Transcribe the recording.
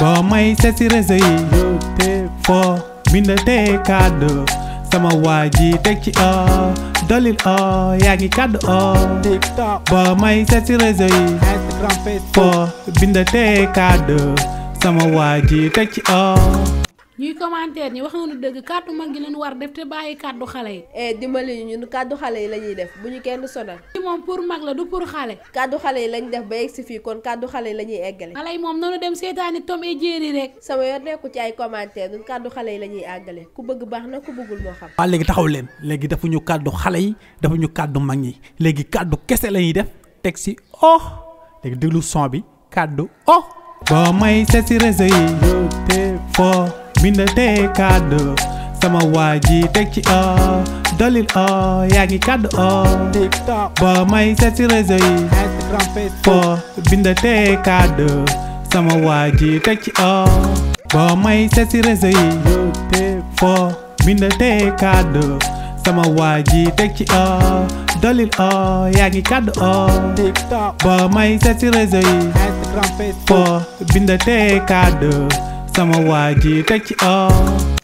boo may seet réseau yi yow te foo bindal te kàddu sama waa ji teg ci o dolil o yaa ngi kàddu o boo may seet réseau yi Instagram Facebook foo bindal te kàddu sama waa ji teg ci o commentaire ñi wax nga nu dëgg kàddu mag gi leen war def te bàyyi kàddu xale yi. eh dimbali ñu ñun kàddu xale yi la ñuy def bu ñu kenn sonal. ci moom pour mag la du pour xale. kàddu xale yi lañ def ba egg si fii kon kàddu xale yi la ñuy eggale. xale yi moom nanu dem seetaani Tom et Jerry rek. sama yoon nekku ci ay commentaire ñun kàddu xale yi la ñuy àggale ku bëgg baax na ku bëggul moo xam. waaw léegi taxaw leen léegi ñu kàddu xale yi ñu kàddu mag ñi léegi kàddu kese la ñuy def teg si oh léegi déglu son bi kàddu oh. boo may seet si bind te kàddu sama waa ji teg ci o dolil o yaa ngi kàddu o boo may seet si réseau yi foo bind te kàddu sama waa ji teg ci o boo may seet sama waa ji teg ci o dolil o yaa ngi kàddu o boo may seet si réseau yi foo bind te kàddu ma waa ji teg